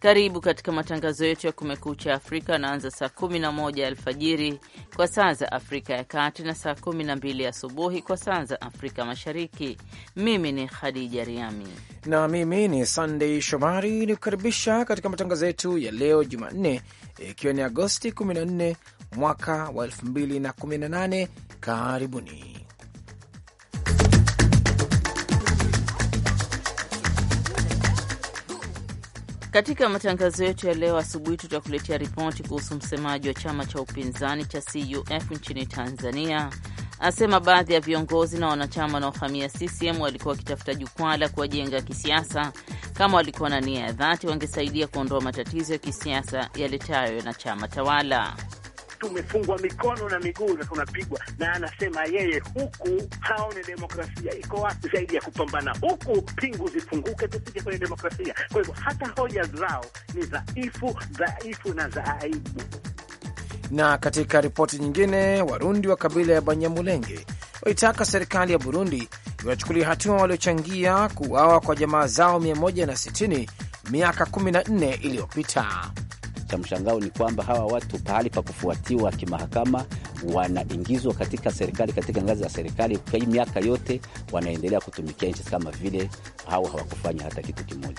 Karibu katika matangazo yetu ya Kumekucha Afrika anaanza saa moja alfajiri kwa saa za Afrika ya Kati na saa kumi na mbili asubuhi kwa saa za Afrika Mashariki. Mimi ni Khadija Riami na mimi ni Sandei Shomari, ni kukaribisha katika matangazo yetu ya leo Jumanne, ikiwa ni Agosti 14 mwaka wa 2018. Karibuni Katika matangazo yetu ya leo asubuhi, tutakuletea ripoti kuhusu msemaji wa chama cha upinzani cha CUF nchini Tanzania asema baadhi ya viongozi na wanachama wanaohamia CCM walikuwa wakitafuta jukwaa la kuwajenga kisiasa. Kama walikuwa na nia ya dhati, wangesaidia kuondoa matatizo ya kisiasa yaletayo na chama tawala tumefungwa mikono na miguu, na tunapigwa na anasema yeye, huku haone demokrasia iko wapi zaidi ya kupambana huku, pingu zifunguke, tufike kwenye demokrasia. Kwa hivyo hata hoja zao ni dhaifu, dhaifu na za aibu. Na katika ripoti nyingine, Warundi wa kabila ya Banyamulenge waitaka serikali ya Burundi iwachukulia hatua waliochangia kuuawa kwa jamaa zao 160 miaka 14 iliyopita cha mshangao ni kwamba hawa watu pahali pa kufuatiwa kimahakama wanaingizwa katika serikali, katika ngazi za serikali. Kwa hii miaka yote wanaendelea kutumikia nchi kama vile hao hawakufanya hata kitu kimoja.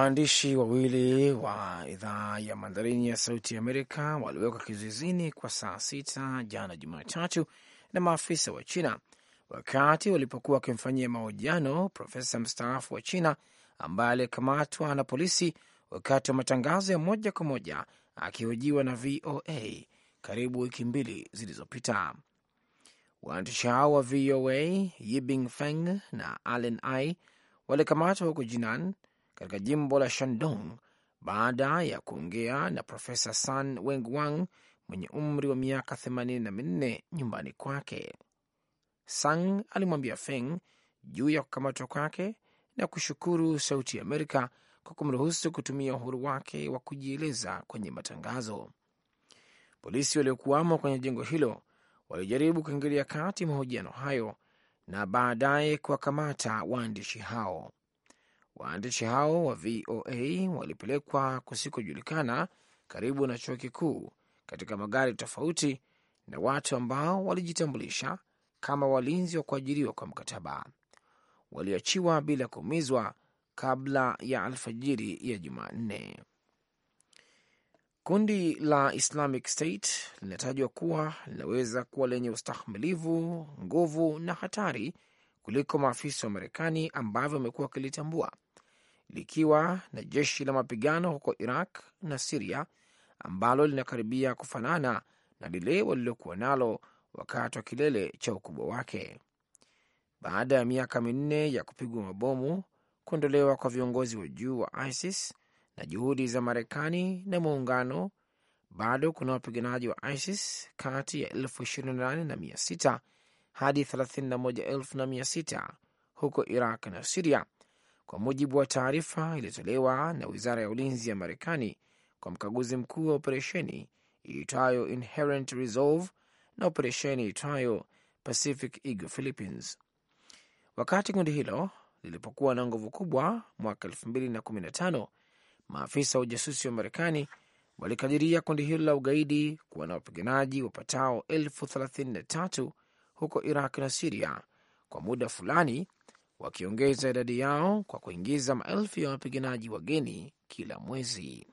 Waandishi wawili wa idhaa ya Mandarini ya Sauti Amerika waliwekwa kizuizini kwa saa sita jana Jumatatu na maafisa wa China wakati walipokuwa wakimfanyia mahojiano profesa mstaafu wa China ambaye alikamatwa na polisi wakati wa matangazo ya moja kwa moja akihojiwa na VOA karibu wiki mbili zilizopita. Waandishi hao wa VOA Yibing Feng na Allen Ai walikamatwa huko Jinan katika jimbo la Shandong baada ya kuongea na Profesa San Wengwang mwenye umri wa miaka 84 nyumbani kwake. Sang alimwambia Feng juu ya kukamatwa kwake na kushukuru Sauti ya Amerika kwa kumruhusu kutumia uhuru wake wa kujieleza kwenye matangazo. Polisi waliokuwamo kwenye jengo hilo walijaribu kuingilia kati mahojiano hayo na baadaye kuwakamata waandishi hao. Waandishi hao wa VOA walipelekwa kusikojulikana karibu na chuo kikuu katika magari tofauti na watu ambao walijitambulisha kama walinzi wa kuajiriwa kwa mkataba. Waliachiwa bila kuumizwa kabla ya alfajiri ya Jumanne. Kundi la Islamic State linatajwa kuwa linaweza kuwa lenye ustahimilivu, nguvu na hatari kuliko maafisa wa Marekani ambavyo wamekuwa wakilitambua likiwa na jeshi la mapigano huko Iraq na Siria ambalo linakaribia kufanana na lile walilokuwa nalo wakati wa kilele cha ukubwa wake. Baada ya miaka minne ya kupigwa mabomu, kuondolewa kwa viongozi wa juu wa ISIS na juhudi za Marekani na muungano, bado kuna wapiganaji wa ISIS kati ya elfu ishirini na nane na mia sita hadi elfu thelathini na moja na mia sita huko Iraq na Siria kwa mujibu wa taarifa iliyotolewa na wizara ya ulinzi ya Marekani kwa mkaguzi mkuu wa operesheni iitwayo Inherent Resolve na operesheni iitwayo Pacific Eagle Philippines. Wakati kundi hilo lilipokuwa na nguvu kubwa mwaka 2015, maafisa wa ujasusi wa Marekani walikadiria kundi hilo la ugaidi kuwa na wapiganaji wapatao elfu 33 huko Iraq na Siria kwa muda fulani wakiongeza idadi yao kwa kuingiza maelfu ya wapiganaji wageni kila mwezi.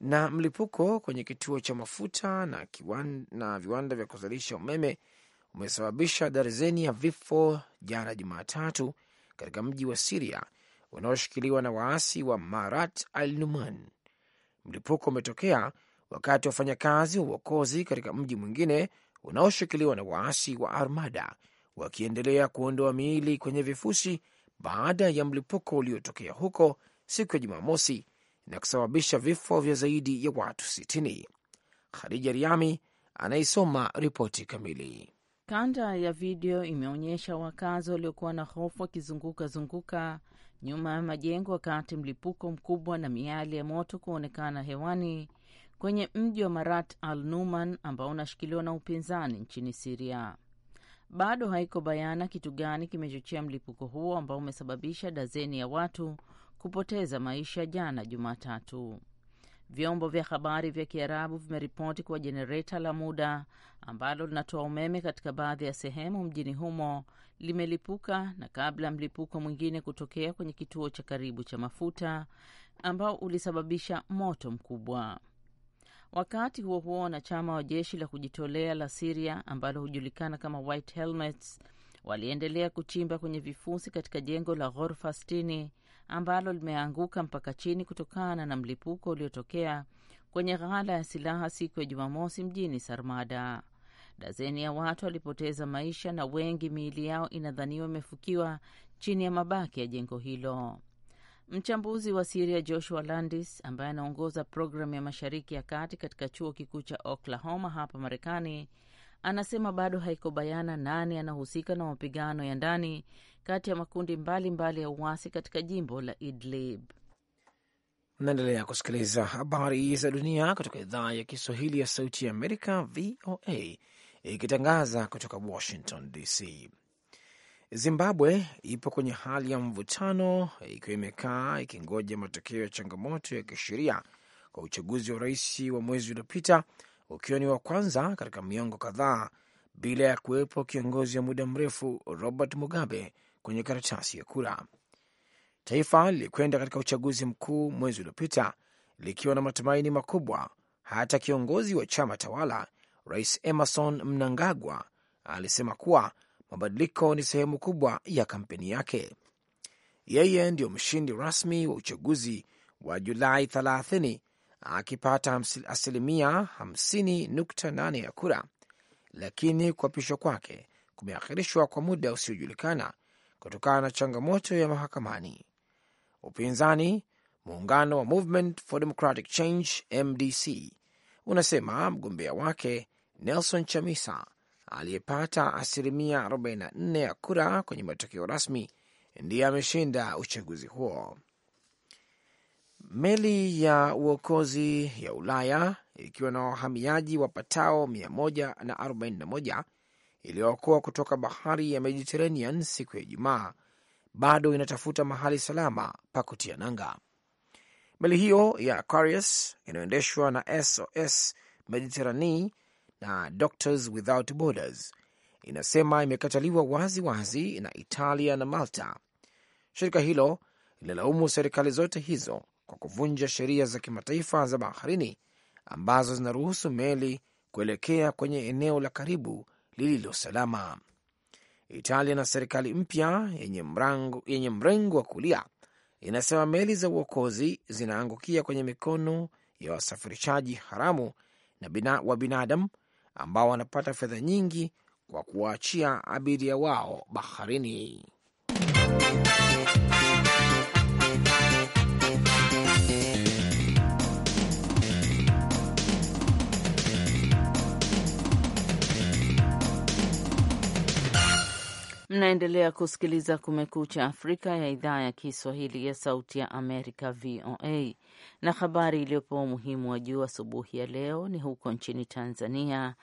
Na mlipuko kwenye kituo cha mafuta na, kiwan, na viwanda vya kuzalisha umeme umesababisha darzeni ya vifo jana Jumatatu katika mji wa Siria unaoshikiliwa na waasi wa Marat al Numan. Mlipuko umetokea wakati wafanyakazi wa uokozi katika mji mwingine unaoshikiliwa na waasi wa Armada wakiendelea kuondoa miili kwenye vifusi baada ya mlipuko uliotokea huko siku ya Jumamosi na kusababisha vifo vya zaidi ya watu 60. Khadija Riami anaisoma ripoti kamili. Kanda ya video imeonyesha wakazi waliokuwa na hofu wakizunguka zunguka nyuma ya majengo wakati mlipuko mkubwa na miali ya moto kuonekana hewani kwenye mji wa Marat al Numan ambao unashikiliwa na upinzani nchini Siria. Bado haiko bayana kitu gani kimechochea mlipuko huo ambao umesababisha dazeni ya watu kupoteza maisha jana Jumatatu. Vyombo vya habari vya Kiarabu vimeripoti kuwa jenereta la muda ambalo linatoa umeme katika baadhi ya sehemu mjini humo limelipuka, na kabla mlipuko mwingine kutokea kwenye kituo cha karibu cha mafuta ambao ulisababisha moto mkubwa. Wakati huo huo, wanachama wa jeshi la kujitolea la Siria ambalo hujulikana kama White Helmets waliendelea kuchimba kwenye vifusi katika jengo la ghorofa 60 ambalo limeanguka mpaka chini kutokana na mlipuko uliotokea kwenye ghala ya silaha siku ya Jumamosi mjini Sarmada. Dazeni ya watu walipoteza maisha na wengi miili yao inadhaniwa imefukiwa chini ya mabaki ya jengo hilo. Mchambuzi wa Siria Joshua Landis ambaye anaongoza programu ya Mashariki ya Kati katika chuo kikuu cha Oklahoma hapa Marekani anasema bado haiko bayana nani anahusika na mapigano ya ndani kati ya makundi mbalimbali mbali ya uasi katika jimbo la Idlib. Naendelea kusikiliza habari za dunia kutoka idhaa ya Kiswahili ya Sauti ya Amerika, VOA, ikitangaza kutoka Washington DC. Zimbabwe ipo kwenye hali ya mvutano ikiwa imekaa ikingoja matokeo ya changamoto ya kisheria kwa uchaguzi wa rais wa mwezi uliopita ukiwa ni wa kwanza katika miongo kadhaa bila ya kuwepo kiongozi wa muda mrefu Robert Mugabe kwenye karatasi ya kura. Taifa lilikwenda katika uchaguzi mkuu mwezi uliopita likiwa na matumaini makubwa. Hata kiongozi wa chama tawala Rais Emerson Mnangagwa alisema kuwa mabadiliko ni sehemu kubwa ya kampeni yake. Yeye ndiyo mshindi rasmi wa uchaguzi wa Julai 30 akipata asilimia 50.8 ya kura, lakini kuapishwa kwake kumeahirishwa kwa muda usiojulikana kutokana na changamoto ya mahakamani. Upinzani, muungano wa Movement for Democratic Change MDC, unasema mgombea wake Nelson Chamisa aliyepata asilimia 44 ya kura kwenye matokeo rasmi ndiye ameshinda uchaguzi huo. Meli ya uokozi ya Ulaya ikiwa na wahamiaji wapatao 141 iliyookoa kutoka bahari ya Mediterranean siku ya Ijumaa bado inatafuta mahali salama pa kutia nanga. Meli hiyo ya Aquarius inayoendeshwa na SOS Mediterranee na Doctors Without Borders inasema imekataliwa wazi wazi na Italia na Malta. Shirika hilo linalaumu serikali zote hizo kwa kuvunja sheria za kimataifa za baharini ambazo zinaruhusu meli kuelekea kwenye eneo la karibu lililo salama. Italia na serikali mpya yenye mrengo wa kulia inasema meli za uokozi zinaangukia kwenye mikono ya wasafirishaji haramu na bina, wa binadamu ambao wanapata fedha nyingi kwa kuwaachia abiria wao baharini. Mnaendelea kusikiliza Kumekucha Afrika ya idhaa ya Kiswahili ya Sauti ya Amerika, VOA. Na habari iliyopewa umuhimu wa juu asubuhi ya leo ni huko nchini Tanzania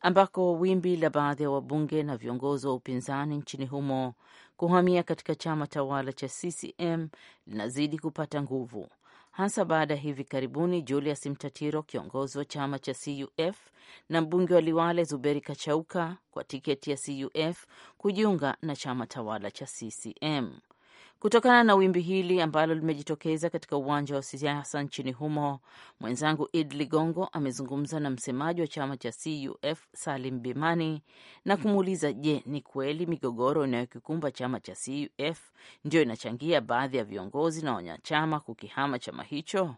ambako wimbi la baadhi ya wabunge na viongozi wa upinzani nchini humo kuhamia katika chama tawala cha CCM linazidi kupata nguvu, hasa baada ya hivi karibuni Julius Mtatiro, kiongozi wa chama cha CUF na mbunge wa Liwale Zuberi Kachauka kwa tiketi ya CUF kujiunga na chama tawala cha CCM. Kutokana na wimbi hili ambalo limejitokeza katika uwanja wa siasa nchini humo, mwenzangu Id Ligongo amezungumza na msemaji wa chama cha CUF Salim Bimani na kumuuliza, je, ni kweli migogoro inayokikumba chama cha CUF ndio inachangia baadhi ya viongozi na wanachama kukihama chama hicho?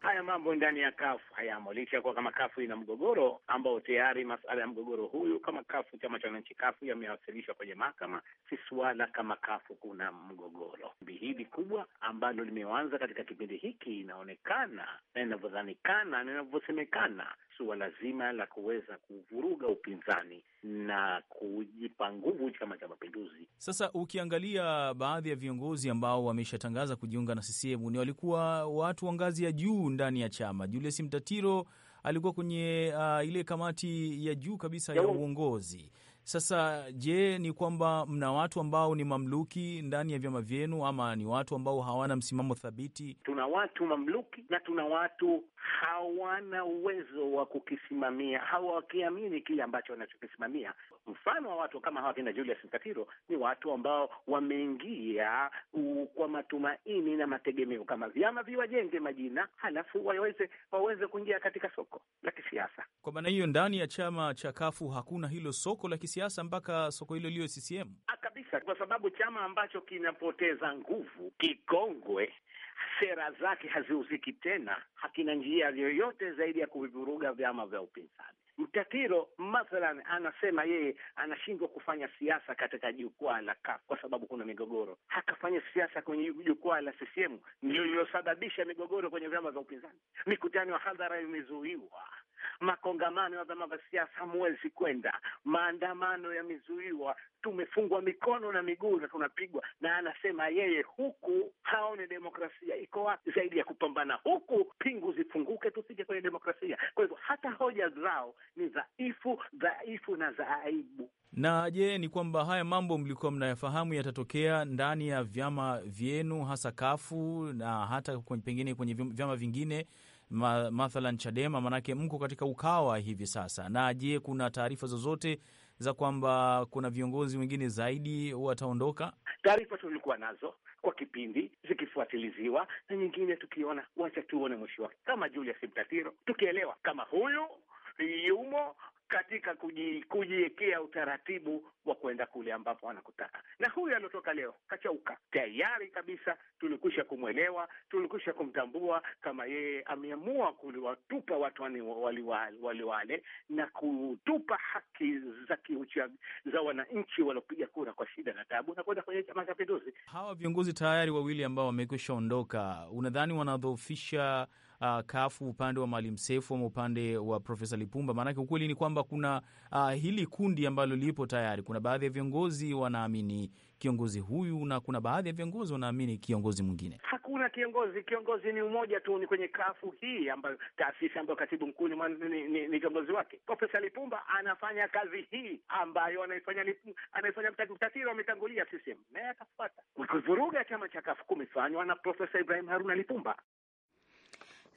haya mambo ndani ya kafu hayamo, licha ya kuwa kama kafu ina mgogoro ambao tayari masuala ya mgogoro huyu, kama kafu, chama cha wananchi kafu yamewasilishwa kwenye mahakama, si suala kama kafu kuna mgogoro. Hili kubwa ambalo limeanza katika kipindi hiki, inaonekana na inavyodhanikana na inavyosemekana suala zima la kuweza kuvuruga upinzani na kujipa nguvu Chama cha Mapinduzi. Sasa ukiangalia baadhi ya viongozi ambao wameshatangaza kujiunga na CCM ni walikuwa watu wa ngazi ya juu ndani ya chama. Julius Mtatiro alikuwa kwenye uh, ile kamati ya juu kabisa ya, ya uongozi sasa je, ni kwamba mna watu ambao ni mamluki ndani ya vyama vyenu ama ni watu ambao hawana msimamo thabiti? Tuna watu mamluki na tuna watu hawana uwezo wa kukisimamia, hawakiamini kile ambacho wanachokisimamia. Mfano wa watu kama hawa kina Julius Mtatiro ni watu ambao wameingia kwa matumaini na mategemeo, kama vyama viwajenge majina, halafu waweze waweze kuingia katika soko la kisiasa. Kwa maana hiyo, ndani ya chama cha Kafu hakuna hilo soko la kisiasa mpaka soko hilo liwe CCM ah, kabisa, kwa sababu chama ambacho kinapoteza nguvu kikongwe sera zake haziuziki tena, hakina njia yoyote zaidi ya kuvivuruga vyama vya upinzani. Mtatiro mathalan anasema yeye anashindwa kufanya siasa katika jukwaa la CUF kwa sababu kuna migogoro. Hakafanya siasa kwenye jukwaa la CCM, ndio iliyosababisha migogoro kwenye vyama vya upinzani. Mikutano ya hadhara imezuiwa, makongamano ya vyama vya siasa hamuwezi kwenda, maandamano yamezuiwa, tumefungwa mikono na miguu na tunapigwa. Na anasema yeye huku haone demokrasia iko wapi zaidi ya kupambana huku, pingu zifunguke, tufike kwenye demokrasia. Kwa hivyo hata hoja zao ni dhaifu, dhaifu na za aibu. Na je, ni kwamba haya mambo mlikuwa mnayafahamu yatatokea ndani ya vyama vyenu, hasa kafu na hata pengine kwenye vyama vingine ma, mathalan Chadema, manake mko katika Ukawa hivi sasa. Na je, kuna taarifa zozote za kwamba kuna viongozi wengine zaidi wataondoka? Taarifa tulikuwa nazo kwa kipindi zikifuatiliziwa na nyingine tukiona, wacha tuone mwisho wake, kama Julius Mtatiro tukielewa kama huyu yumo katika kujiwekea utaratibu wa kwenda kule ambapo wanakutaka. Na huyu aliotoka leo kachauka tayari kabisa, tulikwisha kumwelewa, tulikwisha kumtambua kama yeye ameamua kuliwatupa watu waliwale na kutupa haki za kiucha za wananchi waliopiga kura kwa shida na tabu na kwenda kwenye Chama cha Mapinduzi. Hawa viongozi tayari wawili ambao wamekwisha ondoka, unadhani wanadhoofisha uh, ah, kafu upande wa Maalim Seif ama upande wa Profesa Lipumba? Maanake ukweli ni kwamba kuna uh, hili kundi ambalo lipo tayari. Kuna baadhi ya viongozi wanaamini kiongozi huyu na kuna baadhi ya viongozi wanaamini kiongozi mwingine. Hakuna kiongozi, kiongozi ni umoja tu, ni kwenye kafu hii ambayo taasisi ambayo katibu mkuu ni, ni, ni, ni kiongozi wake. Profesa Lipumba anafanya kazi hii ambayo anaifanya anaifanya mtatiri wametangulia sisi naye atafuata kuvuruga chama cha kafu kumefanywa na Profesa Ibrahim Haruna Lipumba.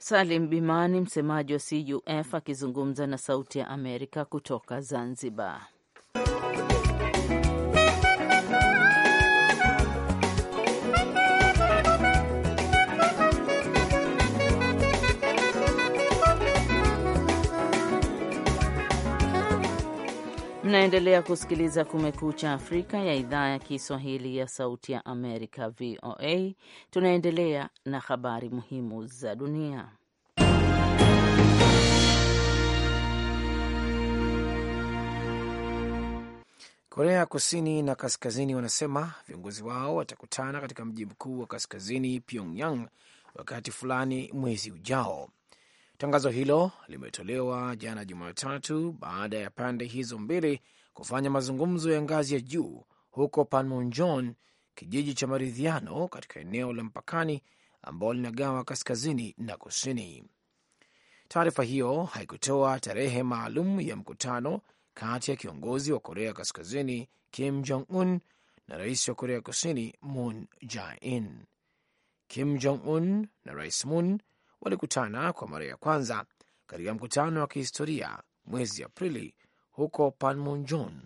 Salim Bimani, msemaji wa CUF akizungumza na Sauti ya Amerika kutoka Zanzibar. Mnaendelea kusikiliza Kumekucha Afrika ya idhaa ya Kiswahili ya Sauti ya Amerika, VOA. Tunaendelea na habari muhimu za dunia. Korea Kusini na Kaskazini wanasema viongozi wao watakutana katika mji mkuu wa kaskazini Pyongyang wakati fulani mwezi ujao. Tangazo hilo limetolewa jana Jumatatu baada ya pande hizo mbili kufanya mazungumzo ya ngazi ya juu huko Panmunjom, kijiji cha maridhiano katika eneo la mpakani ambao linagawa kaskazini na kusini. Taarifa hiyo haikutoa tarehe maalum ya mkutano kati ya kiongozi wa Korea Kaskazini Kim Jong Un na rais wa Korea Kusini Moon Jae-in. Kim Jong Un na rais Moon walikutana kwa mara ya kwanza katika mkutano wa kihistoria mwezi Aprili huko Panmunjom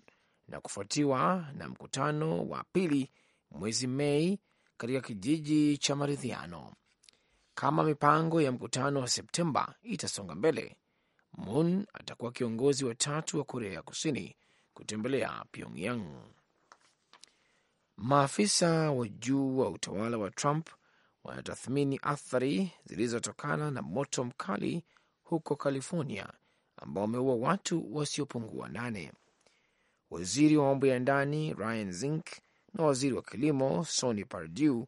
na kufuatiwa na mkutano wa pili mwezi Mei katika kijiji cha maridhiano. Kama mipango ya mkutano wa Septemba itasonga mbele, Moon atakuwa kiongozi wa tatu wa Korea ya Kusini kutembelea Pyongyang. Maafisa wa juu wa utawala wa Trump wanatathmini athari zilizotokana na moto mkali huko California ambao wameua watu wasiopungua nane. Waziri wa mambo ya ndani Ryan Zink na waziri wa kilimo Sony Perdue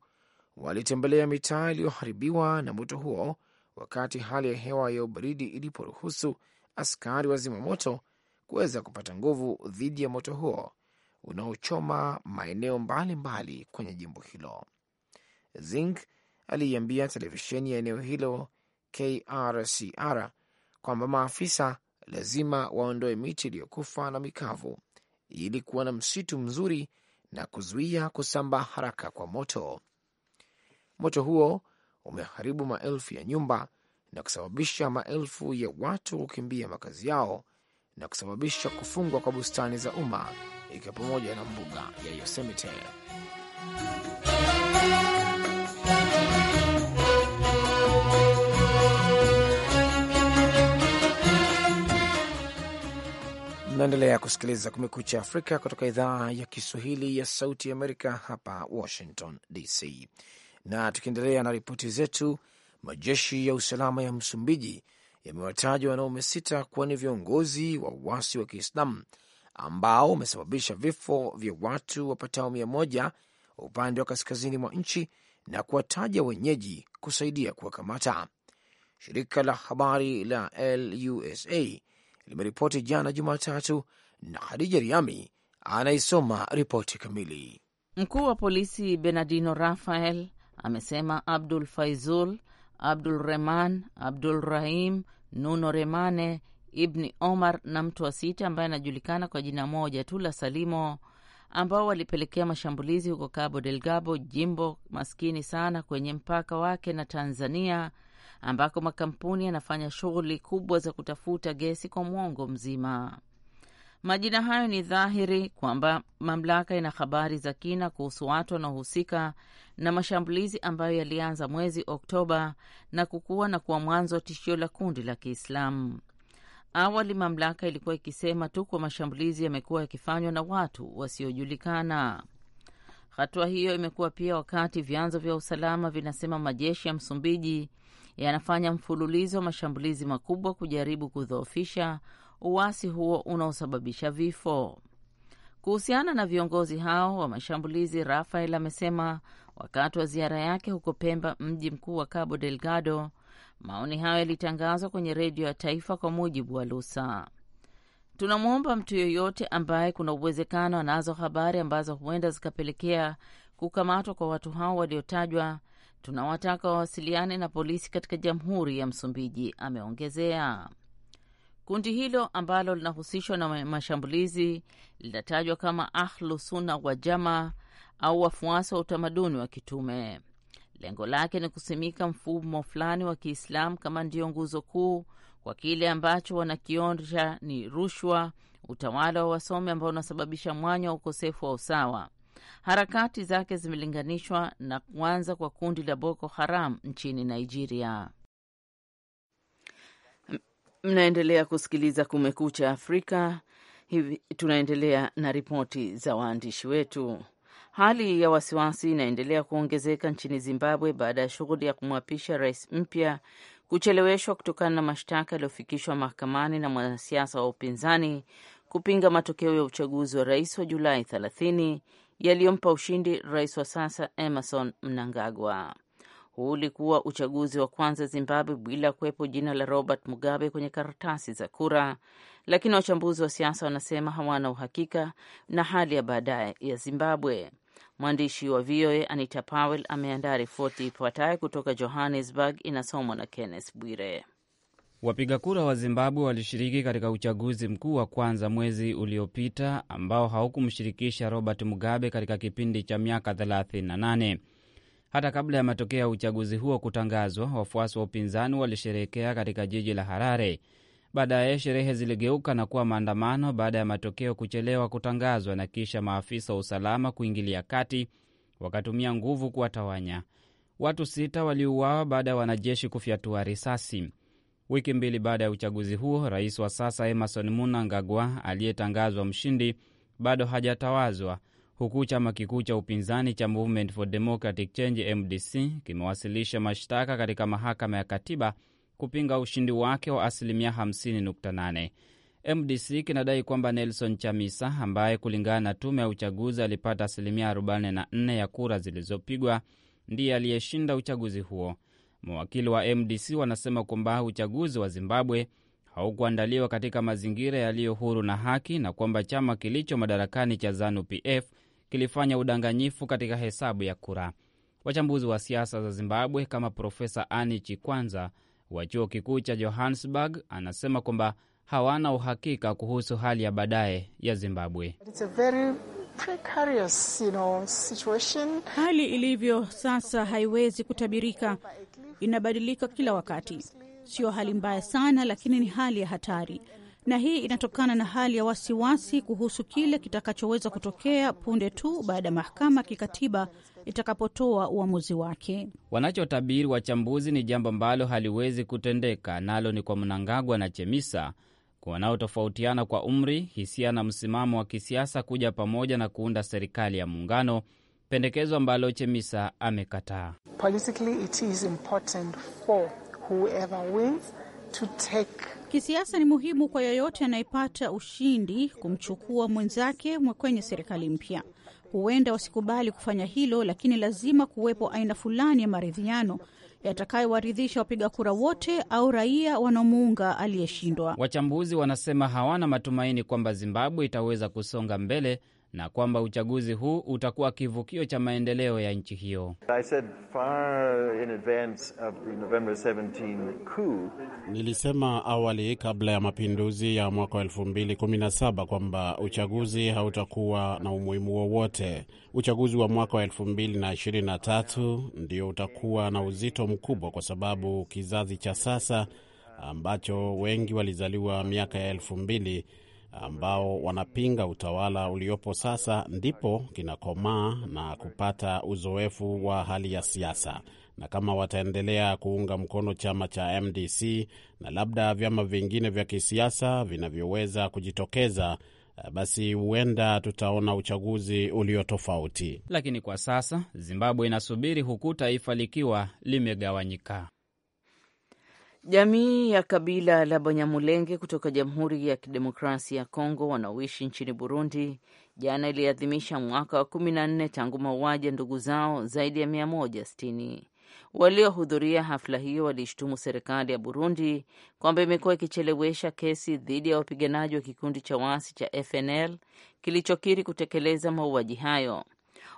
walitembelea mitaa iliyoharibiwa na moto huo wakati hali ya hewa ya ubaridi iliporuhusu askari wa zimamoto kuweza kupata nguvu dhidi ya moto huo unaochoma maeneo mbalimbali mbali kwenye jimbo hilo. Zink aliiambia televisheni ya eneo hilo KRCR kwamba maafisa lazima waondoe miti iliyokufa na mikavu ili kuwa na msitu mzuri na kuzuia kusambaa haraka kwa moto. Moto huo umeharibu maelfu ya nyumba na kusababisha maelfu ya watu kukimbia makazi yao na kusababisha kufungwa kwa bustani za umma ikiwa pamoja na mbuga ya Yosemite. Unaendelea kusikiliza Kumekucha Afrika kutoka idhaa ya Kiswahili ya Sauti ya Amerika hapa Washington DC. Na tukiendelea na ripoti zetu, majeshi ya usalama ya Msumbiji yamewataja wanaume sita kuwa ni viongozi wa uasi wa Kiislamu ambao wamesababisha vifo vya watu wapatao mia moja upande wa kaskazini mwa nchi na kuwataja wenyeji kusaidia kuwakamata. Shirika la habari la LUSA limeripoti jana Jumatatu, na hadija Riami anaisoma ripoti kamili. Mkuu wa polisi benardino Rafael amesema Abdul Faizul, Abdul rehman Abdul Rahim, Nuno Remane, Ibni Omar na mtu wa sita ambaye anajulikana kwa jina moja tu la Salimo, ambao walipelekea mashambulizi huko Cabo Delgado, jimbo maskini sana kwenye mpaka wake na Tanzania ambako makampuni yanafanya shughuli kubwa za kutafuta gesi kwa mwongo mzima. Majina hayo ni dhahiri kwamba mamlaka ina habari za kina kuhusu watu wanaohusika na mashambulizi ambayo yalianza mwezi Oktoba na kukua na kuwa mwanzo wa tishio la kundi la Kiislamu. Awali mamlaka ilikuwa ikisema tu kwa mashambulizi yamekuwa yakifanywa na watu wasiojulikana. Hatua hiyo imekuwa pia wakati vyanzo vya usalama vinasema majeshi ya Msumbiji yanafanya mfululizo wa mashambulizi makubwa kujaribu kudhoofisha uasi huo unaosababisha vifo. Kuhusiana na viongozi hao wa mashambulizi, Rafael amesema wakati wa ziara yake huko Pemba, mji mkuu wa Cabo Delgado. Maoni hayo yalitangazwa kwenye redio ya taifa kwa mujibu wa Lusa. Tunamwomba mtu yoyote ambaye kuna uwezekano anazo habari ambazo huenda zikapelekea kukamatwa kwa watu hao waliotajwa tunawataka wawasiliane na polisi katika Jamhuri ya Msumbiji, ameongezea. Kundi hilo ambalo linahusishwa na mashambulizi linatajwa kama Ahlu Sunna wa Jama au wafuasi wa utamaduni wa kitume. Lengo lake ni kusimika mfumo fulani wa Kiislamu kama ndiyo nguzo kuu kwa kile ambacho wanakionja ni rushwa, utawala wa wasome ambao unasababisha mwanya wa ukosefu wa usawa Harakati zake zimelinganishwa na kuanza kwa kundi la Boko Haram nchini Nigeria. Mnaendelea kusikiliza Kumekucha Afrika. Hivi tunaendelea na ripoti za waandishi wetu. Hali ya wasiwasi inaendelea kuongezeka nchini Zimbabwe baada ya shughuli ya kumwapisha rais mpya kucheleweshwa kutokana na mashtaka yaliyofikishwa mahakamani na mwanasiasa wa upinzani kupinga matokeo ya uchaguzi wa rais wa Julai yaliyompa ushindi rais wa sasa Emerson Mnangagwa. Huu ulikuwa uchaguzi wa kwanza Zimbabwe bila kuwepo jina la Robert Mugabe kwenye karatasi za kura, lakini wachambuzi wa siasa wanasema hawana uhakika na hali ya baadaye ya Zimbabwe. Mwandishi wa VOA Anita Powell ameandaa ripoti ifuatayo kutoka Johannesburg, inasomwa na Kenneth Bwire. Wapiga kura wa Zimbabwe walishiriki katika uchaguzi mkuu wa kwanza mwezi uliopita ambao haukumshirikisha Robert Mugabe katika kipindi cha miaka 38. Hata kabla ya matokeo ya uchaguzi huo kutangazwa, wafuasi wa upinzani walisherehekea katika jiji la Harare. Baadaye sherehe ziligeuka na kuwa maandamano baada ya matokeo kuchelewa kutangazwa na kisha maafisa wa usalama kuingilia kati, wakatumia nguvu kuwatawanya. Watu sita waliuawa baada ya wanajeshi kufyatua risasi. Wiki mbili baada ya uchaguzi huo, rais wa sasa Emerson Munangagwa aliyetangazwa mshindi bado hajatawazwa, huku chama kikuu cha upinzani cha Movement for Democratic Change MDC kimewasilisha mashtaka katika mahakama ya katiba kupinga ushindi wake wa asilimia 50.8. MDC kinadai kwamba Nelson Chamisa ambaye kulingana na tume ya uchaguzi alipata asilimia 44 ya kura zilizopigwa ndiye aliyeshinda uchaguzi huo. Mawakili wa MDC wanasema kwamba uchaguzi wa Zimbabwe haukuandaliwa katika mazingira yaliyo huru na haki na kwamba chama kilicho madarakani cha ZANU-PF kilifanya udanganyifu katika hesabu ya kura. Wachambuzi wa siasa za Zimbabwe kama Profesa Ani Chikwanza wa chuo kikuu cha Johannesburg anasema kwamba hawana uhakika kuhusu hali ya baadaye ya Zimbabwe. You know, hali ilivyo sasa haiwezi kutabirika inabadilika kila wakati. Sio hali mbaya sana, lakini ni hali ya hatari, na hii inatokana na hali ya wasiwasi kuhusu kile kitakachoweza kutokea punde tu baada ya mahakama ya kikatiba itakapotoa uamuzi wake. Wanachotabiri wachambuzi ni jambo ambalo haliwezi kutendeka, nalo ni kwa Mnangagwa na Chemisa wanaotofautiana kwa umri, hisia na msimamo wa kisiasa kuja pamoja na kuunda serikali ya muungano pendekezo ambalo Chemisa amekataa. Kisiasa ni muhimu kwa yoyote anayepata ushindi kumchukua mwenzake kwenye serikali mpya. Huenda wasikubali kufanya hilo, lakini lazima kuwepo aina fulani ya maridhiano yatakayowaridhisha wapiga kura wote au raia wanaomuunga aliyeshindwa. Wachambuzi wanasema hawana matumaini kwamba Zimbabwe itaweza kusonga mbele na kwamba uchaguzi huu utakuwa kivukio cha maendeleo ya nchi hiyo. Nilisema awali kabla ya mapinduzi ya mwaka wa saba kwamba uchaguzi hautakuwa na umuhimu wowote. Uchaguzi wa mwaka wa tatu ndio utakuwa na uzito mkubwa, kwa sababu kizazi cha sasa ambacho wengi walizaliwa miaka ya elfu mbili ambao wanapinga utawala uliopo sasa, ndipo kinakomaa na kupata uzoefu wa hali ya siasa na kama wataendelea kuunga mkono chama cha MDC na labda vyama vingine vya kisiasa vinavyoweza kujitokeza, eh, basi huenda tutaona uchaguzi ulio tofauti. Lakini kwa sasa Zimbabwe inasubiri huku taifa likiwa limegawanyika. Jamii ya kabila la Banyamulenge kutoka Jamhuri ya Kidemokrasia ya Kongo wanaoishi nchini Burundi jana iliadhimisha mwaka wa kumi na nne tangu mauaji ya ndugu zao zaidi ya mia moja sitini. Waliohudhuria hafla hiyo waliishtumu serikali ya Burundi kwamba imekuwa ikichelewesha kesi dhidi ya wapiganaji wa kikundi cha waasi cha FNL kilichokiri kutekeleza mauaji hayo.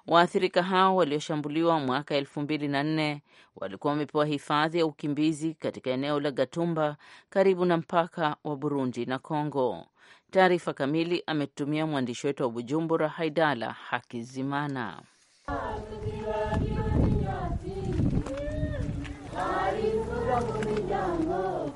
Waathirika hao walioshambuliwa mwaka elfu mbili na nne walikuwa wamepewa hifadhi ya ukimbizi katika eneo la Gatumba karibu na mpaka wa Burundi na congo Taarifa kamili ametutumia mwandishi wetu wa Bujumbura, Haidala Hakizimana.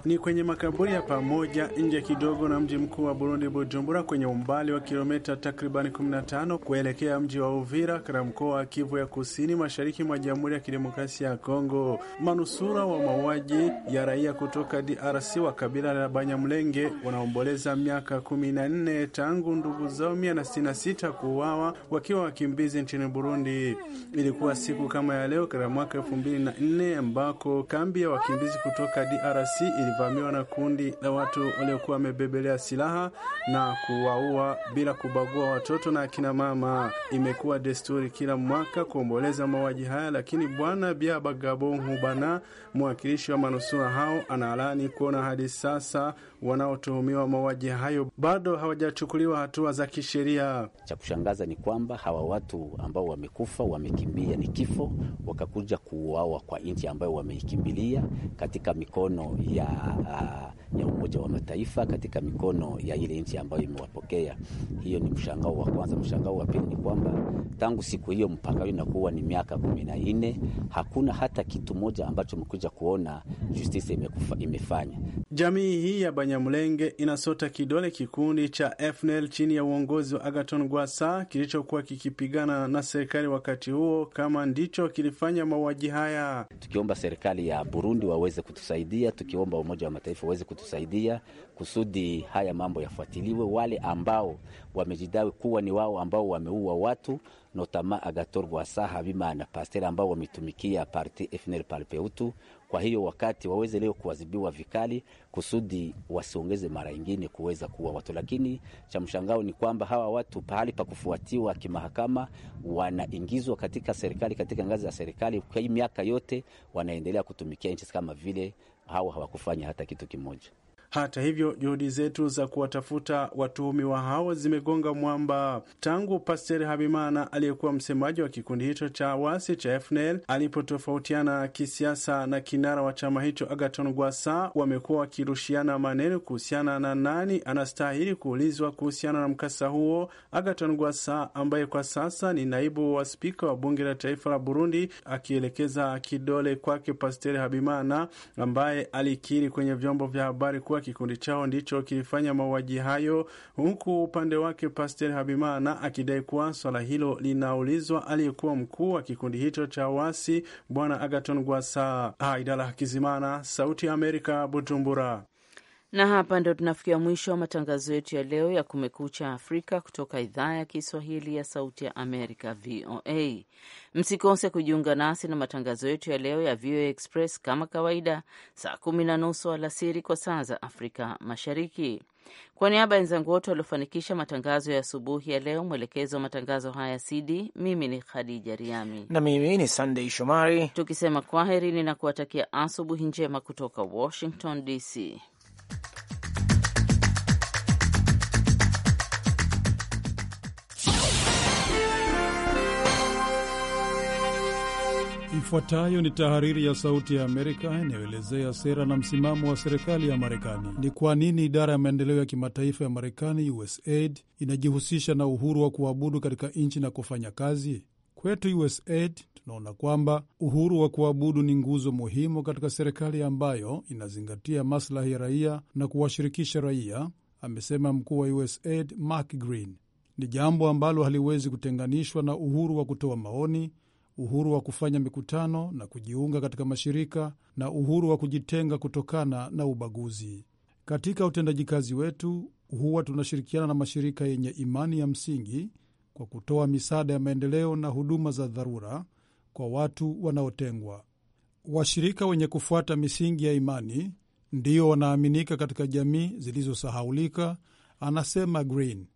ni kwenye makaburi ya pamoja nje kidogo na mji mkuu wa Burundi, Bujumbura, kwenye umbali wa kilomita takribani 15 kuelekea mji wa Uvira katika mkoa wa Kivu ya kusini mashariki mwa Jamhuri ya Kidemokrasia ya Kongo. Manusura wa mauaji ya raia kutoka DRC wa kabila la Banyamlenge wanaomboleza miaka 14 tangu ndugu zao 166 kuuawa wakiwa wakimbizi nchini Burundi. Ilikuwa siku kama ya leo katika mwaka 2004 ambako kambi ya wakimbizi kutoka DRC ili walivamiwa na kundi la watu waliokuwa wamebebelea silaha na kuwaua bila kubagua watoto na akina mama. Imekuwa desturi kila mwaka kuomboleza mauaji haya, lakini Bwana Biaba Gabon Hubana, mwakilishi wa manusura hao, anaalani kuona hadi sasa wanaotuhumiwa mauaji hayo bado hawajachukuliwa hatua za kisheria. Cha kushangaza ni kwamba hawa watu ambao wamekufa wamekimbia, ni kifo, wakakuja kuuawa kwa nchi ambayo wameikimbilia katika mikono ya Uh, ya Umoja wa Mataifa katika mikono ya ile nchi ambayo imewapokea. Hiyo ni mshangao wa kwanza. Mshangao wa pili ni kwamba tangu siku hiyo mpaka hiyo inakuwa ni miaka kumi na nne, hakuna hata kitu moja ambacho mkuja kuona justice imekufa, imefanya. Jamii hii ya Banyamulenge inasota kidole kikundi cha FNL chini ya uongozi wa Agaton Gwasa kilichokuwa kikipigana na serikali wakati huo, kama ndicho kilifanya mauaji haya, tukiomba serikali ya Burundi waweze kutusaidia, tukiomba umoja Umoja wa Mataifa uweze kutusaidia kusudi haya mambo yafuatiliwe, wale ambao wamejidawi kuwa ni wao ambao wameua watu notama agator Rwasa, Habimana Pasteur ambao wametumikia parti FNL Palpeutu. Kwa hiyo wakati waweze leo kuadhibiwa vikali kusudi wasiongeze mara ingine kuweza kuua watu. Lakini cha mshangao ni kwamba hawa watu pahali pa kufuatiwa kimahakama wanaingizwa katika serikali, katika ngazi ya serikali, kwa hii miaka yote wanaendelea kutumikia nchi kama vile hao hawakufanya hata kitu kimoja. Hata hivyo, juhudi zetu za kuwatafuta watuhumiwa hao zimegonga mwamba tangu Pasteri Habimana aliyekuwa msemaji wa kikundi hicho cha wasi cha FNL alipotofautiana kisiasa na kinara wa chama hicho Agaton Gwasa. Wamekuwa wakirushiana maneno kuhusiana na nani anastahili kuulizwa kuhusiana na mkasa huo. Agaton Gwasa ambaye kwa sasa ni naibu wa spika wa bunge la taifa la Burundi akielekeza kidole kwake Pasteri Habimana ambaye alikiri kwenye vyombo vya habari kuwa kuwa kikundi chao ndicho kilifanya mauaji hayo, huku upande wake Pastor Habimana akidai kuwa swala hilo linaulizwa aliyekuwa mkuu wa kikundi hicho cha wasi Bwana Agaton Gwasa. Aidala Kizimana, Sauti ya Amerika, Bujumbura. Na hapa ndo tunafikia mwisho wa matangazo yetu ya leo ya Kumekucha Afrika kutoka idhaa ya Kiswahili ya Sauti ya Amerika, VOA. Msikose kujiunga nasi na matangazo yetu ya leo ya VOA Express kama kawaida, saa kumi na nusu alasiri kwa saa za Afrika Mashariki. Kwa niaba ya wenzangu wote waliofanikisha matangazo ya asubuhi ya leo, mwelekezo wa matangazo haya cd, mimi ni Khadija Riami na mimi ni Sandei Shomari, tukisema kwaherini na kuwatakia asubuhi njema kutoka Washington DC. Ifuatayo ni tahariri ya Sauti ya Amerika inayoelezea sera na msimamo wa serikali ya Marekani. Ni kwa nini idara ya maendeleo ya kimataifa ya Marekani, USAID, inajihusisha na uhuru wa kuabudu katika nchi na kufanya kazi? Kwetu USAID tunaona kwamba uhuru wa kuabudu ni nguzo muhimu katika serikali ambayo inazingatia maslahi ya raia na kuwashirikisha raia, amesema mkuu wa USAID Mark Green. Ni jambo ambalo haliwezi kutenganishwa na uhuru wa kutoa maoni uhuru wa kufanya mikutano na kujiunga katika mashirika na uhuru wa kujitenga kutokana na ubaguzi. Katika utendaji kazi wetu huwa tunashirikiana na mashirika yenye imani ya msingi kwa kutoa misaada ya maendeleo na huduma za dharura kwa watu wanaotengwa. Washirika wenye kufuata misingi ya imani ndiyo wanaaminika katika jamii zilizosahaulika, anasema Green.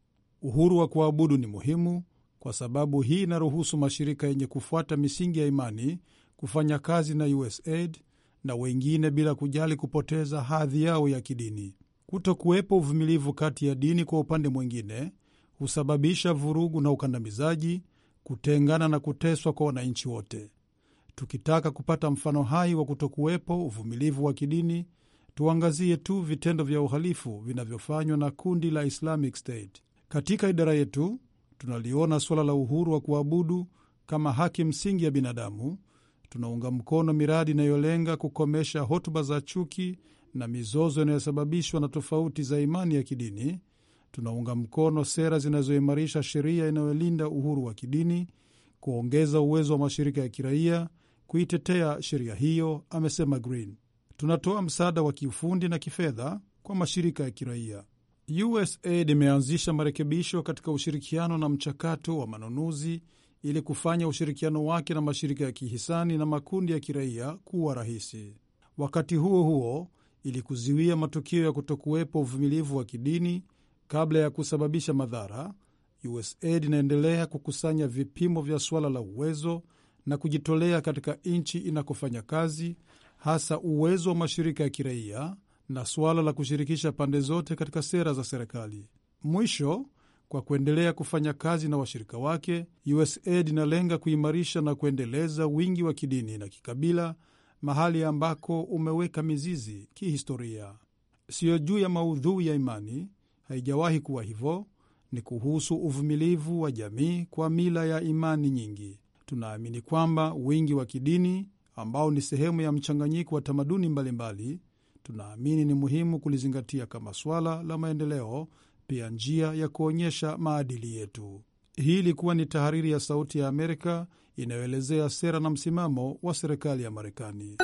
Uhuru wa kuabudu ni muhimu, kwa sababu hii inaruhusu mashirika yenye kufuata misingi ya imani kufanya kazi na USAID na wengine bila kujali kupoteza hadhi yao ya kidini. kuto kuwepo uvumilivu kati ya dini kwa upande mwingine husababisha vurugu na ukandamizaji, kutengana na kuteswa kwa wananchi wote. Tukitaka kupata mfano hai wa kutokuwepo uvumilivu wa kidini, tuangazie tu vitendo vya uhalifu vinavyofanywa na kundi la Islamic State. Katika idara yetu tunaliona suala la uhuru wa kuabudu kama haki msingi ya binadamu. Tunaunga mkono miradi inayolenga kukomesha hotuba za chuki na mizozo inayosababishwa na tofauti za imani ya kidini. Tunaunga mkono sera zinazoimarisha sheria inayolinda uhuru wa kidini, kuongeza uwezo wa mashirika ya kiraia kuitetea sheria hiyo, amesema Green. Tunatoa msaada wa kiufundi na kifedha kwa mashirika ya kiraia. USAID imeanzisha marekebisho katika ushirikiano na mchakato wa manunuzi ili kufanya ushirikiano wake na mashirika ya kihisani na makundi ya kiraia kuwa rahisi. Wakati huo huo, ili kuziwia matukio ya kutokuwepo uvumilivu wa kidini kabla ya kusababisha madhara, USAID inaendelea kukusanya vipimo vya suala la uwezo na kujitolea katika nchi inakofanya kazi, hasa uwezo wa mashirika ya kiraia na suala la kushirikisha pande zote katika sera za serikali. Mwisho, kwa kuendelea kufanya kazi na washirika wake, USAID inalenga kuimarisha na kuendeleza wingi wa kidini na kikabila mahali ambako umeweka mizizi kihistoria. Siyo juu ya maudhui ya imani, haijawahi kuwa hivyo. Ni kuhusu uvumilivu wa jamii kwa mila ya imani nyingi. Tunaamini kwamba wingi wa kidini ambao ni sehemu ya mchanganyiko wa tamaduni mbalimbali tunaamini ni muhimu kulizingatia kama swala la maendeleo, pia njia ya kuonyesha maadili yetu. Hii ilikuwa ni tahariri ya Sauti ya Amerika inayoelezea sera na msimamo wa serikali ya Marekani.